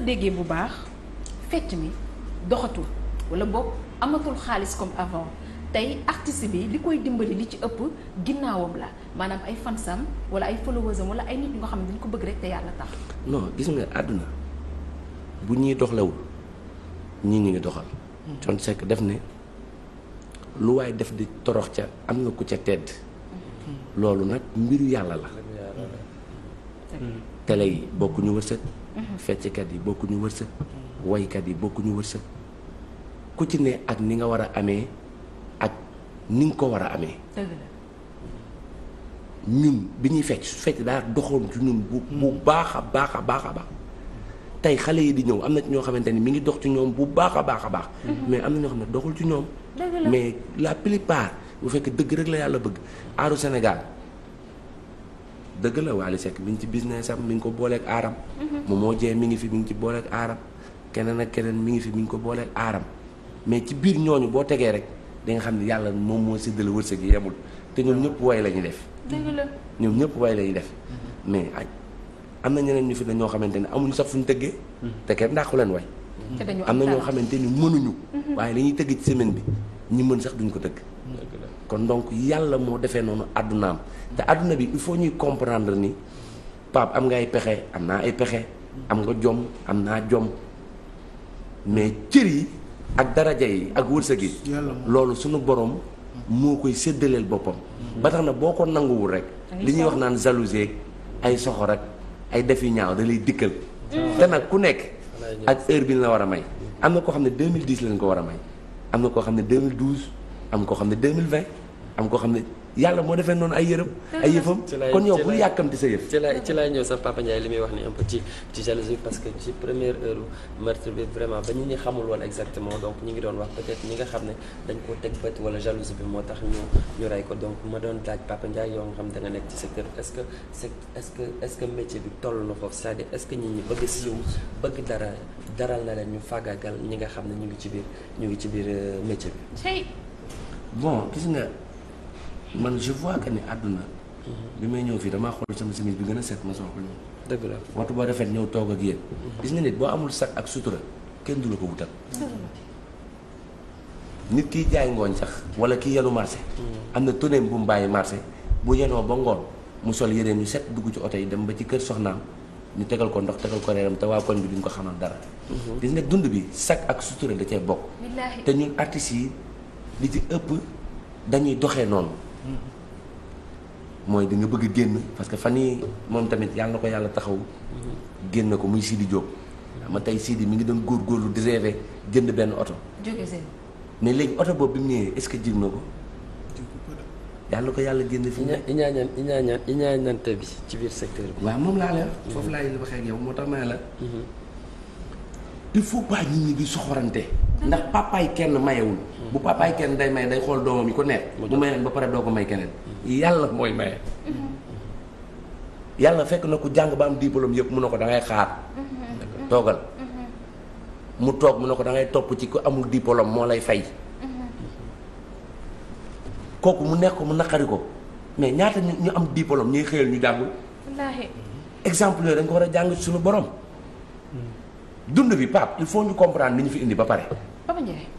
la déggee bu baax fecc mi doxatul wala boog amatul xaalis comme avant tey artiste bi li koy dimbali li ci ëpp ginnaawam la maanaam ay fansam wala ay followers am wala ay nit ñu nga xam ne dañ ko bëgg rek te tax. non gis nga àdduna bu ñuy doxlewul ñii ngi doxal. Thione hmm. Seck def ne lu waaye def di torox ca am na ku ca tedd. Hmm. loolu nag mbiru yàlla la. Hmm. télé yi bokkuñu wërsëg. fecckat yi bokkuñu wërsëg. woykat yi bokkuñu wërsëg. ku ci ne ak ni nga war a amee ak ni nga ko war a amee. ñun bi ñuy fecc su fecc daa doxoon ci ñun bu bu hmm. baax a baax a baax a baax tey xale yi di ñëw am na ci ñoo xamante ni mi ngi dox ci ñoom bu baax a baax a baax hmm. mais am na ñoo xam ne doxul ci ñoom mais la plupart bu fekkee dëgg rek la yàlla bëgg aaru Sénégal dëgg la Wally Seck mi ngi ci business am mi ngi ko booleeg aaram. moom moo Dieng mi ngi fi mi ngi ci booleeg aaram. keneen ak keneen mi ngi fi mi ngi ko booleeg aaram mais ci biir ñooñu boo tegee rek di xam ne yàlla moom moo séddale wërsëg yi te ñoom ñëpp way la ñuy def. ñoom ñëpp way la ñuy def mhm. mais am na ñeneen ñu fi na ñoo xamante ne amuñu sax fuñu tëggee. Mhm. te kenn dàqu leen way. am na ñoo xamante ni mënuñu. Mhm. waaye li ñuy tëgg ci semaine bi ñu mën sax duñ ko tëgg. kon donc yàlla moo defee noonu àddunaam te àdduna bi il faut ñuy comprendre ni Pape am nga ay pexe am naa ay pexe am nga jom am naa jom mais cër yi ak daraja yi ak wërsëg yi loolu suñu borom moo koy séddaleel boppam ba tax na boo ko nanguwul rek li ñuy wax naan jalousie ay soxo rek ay def yu ñaaw da lay dikkal mm. te nag ku nekk ak heure bi la war a may am na koo xam ne 2010 lañ ko war a may am na koo xam ne 2012 am koo xam ne 2020 am koo xam ne yàlla moo defee noonu ay yërëm ay yëfam kon yow bul yàkkamti sa yëf ci laay ci laay ñëw sax Papa Ndiaye li muy wax ni un peu ci ci jalousie parce que ci première heure meurtre bi vraiment ba ñu ñi xamul woon exactement donc ñi ngi doon wax peut-être nga xam ne dañ koo teg bët wala jalousie bi tax ñu ko donc ma doon laaj Papa Ndiaye yow nga xam da nekk ci secteur est-ce que est-ce que est-ce que métier bi toll na foofu c'est-à-dire est ñi bëgg siiw bëgg dara daral na leen ñu fàggaagal ñi nga xam ne ñu ngi ci biir ñu ngi ci biir euh, métier bi bon gis nga man je vois que ni àdduna. bi may ñëw fii damaa xol sama simis bi gën a set ma soo ñoom. dëgg la ba rafet ñëw toog ak yéen. gis nga nit boo amul sax ak sutura kenn du ko wutal. nit kiy jaay ngooñ sax wala kiy yenu marché. Mm. am na toneem bu bàyyi marché bu yenoo ba ngoon mu sol yéreem ñu set dugg ci oto yi dem ba ci kër soxnaam ñu tegal ko ndox tegal ko reeram te waa koñ bi duñ ko xamal dara. Mm-hmm. gis nga dund bi sax ak sutura da cee bokk. te ñun artistes yi li ci ëpp dañuy doxee noonu. mooy da nga bëgg a génn parce que fan yii moom tamit yàlla na ko yàlla taxaw génn ko muy Sidi Diop. ma tey Sidi mi ngi doon góorgóorlu di rêvé jënd benn oto. mais léegi oto boobu bi mu ñëwee est-ce que jig na ko. yàlla ko yàlla génn fi mu ne. iñaañan iñaañan iñaañante bi ci biir secteur bi. waaw moom laa la mm-hmm. foofu laay waxee ak yow moo tax ma la. Mm-hmm. il faut pas nit ñi di soxorante. ndax papaay kenn mayewul bu papaay kenn day may day xool doomam yi ko neex bu may ba pare doo ko may keneen mm-hmm. yàlla mooy maye mm-hmm. yàlla fekk na ku jàng ba am diplôme yëpp mu a ko dangay xaar mm-hmm. toogal mu toog mu ne ko dangay topp ci ku amul diplôme moo lay fay kooku mu nekk ko mu naqari ko mais ñaata nit ñu am diplôme ñuy xëyal ñu jàngul exemple yooyu dañ ko war a jàng suñu borom dund bi Pape il faut ñu comprendre li ñu fi indi ba pare Papa Ndiaye